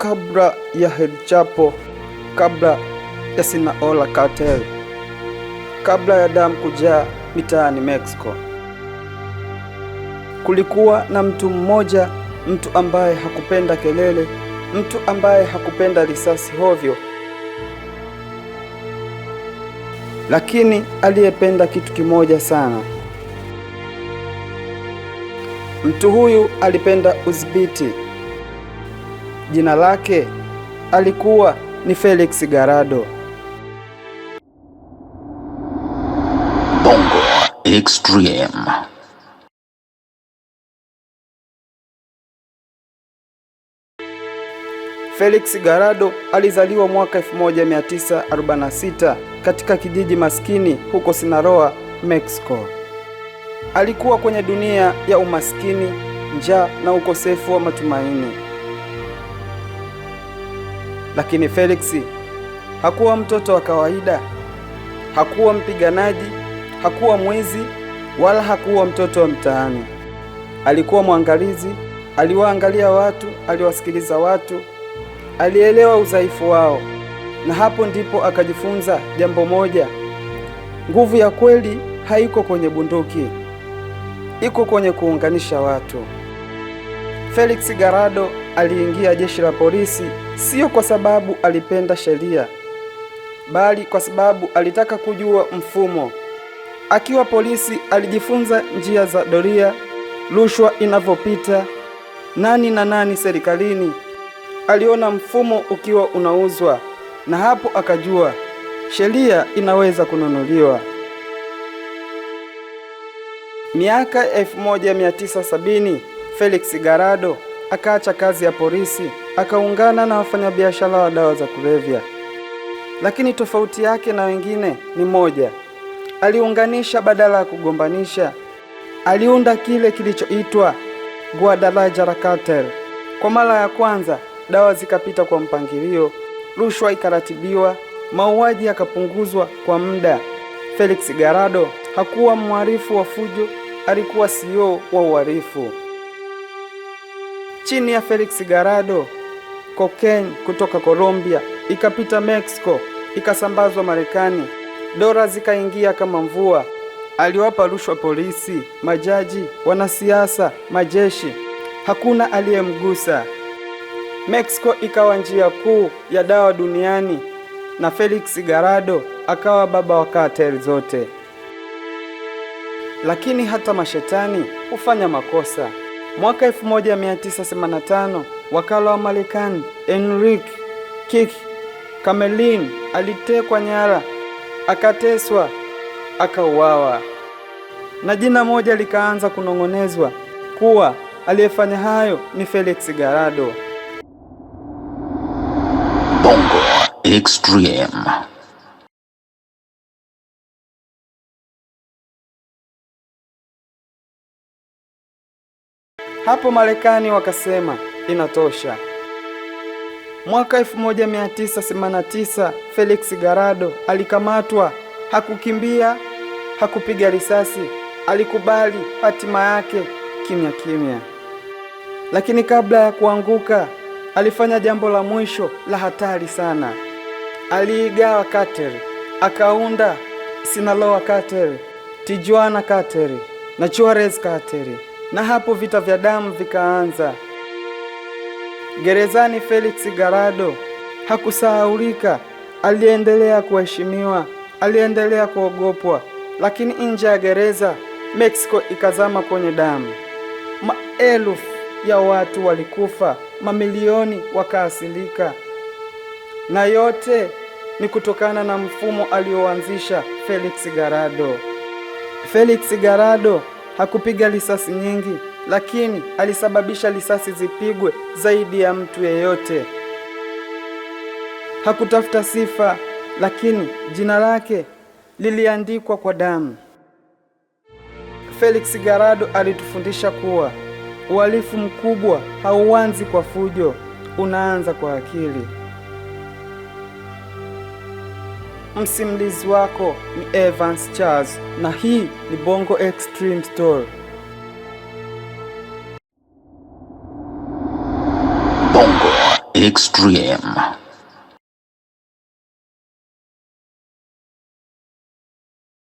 kabla ya Hel Chapo, kabla ya Sinaloa Cartel, kabla ya damu kujaa mitaani Mexico, kulikuwa na mtu mmoja, mtu ambaye hakupenda kelele, mtu ambaye hakupenda risasi hovyo, lakini aliyependa kitu kimoja sana. Mtu huyu alipenda udhibiti jina lake alikuwa ni Felix Garado. Bongo Extreme. Felix Garado alizaliwa mwaka 1946 katika kijiji maskini huko Sinaloa, Mexico. Alikuwa kwenye dunia ya umaskini, njaa na ukosefu wa matumaini. Lakini Felix hakuwa mtoto wa kawaida, hakuwa mpiganaji, hakuwa mwizi wala hakuwa mtoto wa mtaani. Alikuwa mwangalizi, aliwaangalia watu, aliwasikiliza watu, alielewa udhaifu wao, na hapo ndipo akajifunza jambo moja: nguvu ya kweli haiko kwenye bunduki, iko kwenye kuunganisha watu. Felix garado aliingia jeshi la polisi sio kwa sababu alipenda sheria, bali kwa sababu alitaka kujua mfumo. Akiwa polisi alijifunza njia za doria, rushwa inavyopita, nani na nani serikalini. Aliona mfumo ukiwa unauzwa, na hapo akajua sheria inaweza kununuliwa. Miaka 1970 Felix garado akaacha kazi ya polisi akaungana na wafanyabiashara wa dawa za kulevya. Lakini tofauti yake na wengine ni moja: aliunganisha badala ya kugombanisha. Aliunda kile kilichoitwa Guadalajara Cartel. Kwa mara ya kwanza dawa zikapita kwa mpangilio, rushwa ikaratibiwa, mauaji yakapunguzwa kwa muda. Felix garado hakuwa mhalifu wa fujo, alikuwa CEO wa uhalifu chini ya Felix garado cocaine kutoka Colombia ikapita Mexico, ikasambazwa Marekani. Dola zikaingia kama mvua. Aliwapa rushwa polisi, majaji, wanasiasa, majeshi. Hakuna aliyemgusa. Mexico ikawa njia kuu ya dawa duniani na Felix garado akawa baba wa cartel zote. Lakini hata mashetani hufanya makosa. Mwaka 1985 wakala wa Marekani Enrique Kik Kamelin alitekwa nyara, akateswa, akauawa, na jina moja likaanza kunong'onezwa kuwa aliyefanya hayo ni Felix garado Bongo Extreme. Hapo Marekani wakasema inatosha. Mwaka 1989 Felix garado alikamatwa, hakukimbia, hakupiga risasi, alikubali hatima yake kimya kimya. Lakini kabla ya kuanguka, alifanya jambo la mwisho la hatari sana. Aliigawa Kateri, akaunda Sinaloa Kateri, Tijuana Kateri na Juarez Kateri na hapo vita vya damu vikaanza. Gerezani Felix Gallardo hakusahaulika, aliendelea kuheshimiwa, aliendelea kuogopwa, lakini nje ya gereza Mexico ikazama kwenye damu. Maelfu ya watu walikufa, mamilioni wakaasilika, na yote ni kutokana na mfumo alioanzisha Felix Gallardo. Felix Gallardo hakupiga risasi nyingi, lakini alisababisha risasi zipigwe zaidi ya mtu yeyote. Hakutafuta sifa, lakini jina lake liliandikwa kwa damu. Felix garado alitufundisha kuwa uhalifu mkubwa hauanzi kwa fujo, unaanza kwa akili. Msimulizi wako ni Evans Charles na hii ni Bongo Extreme Story. Bongo Extreme.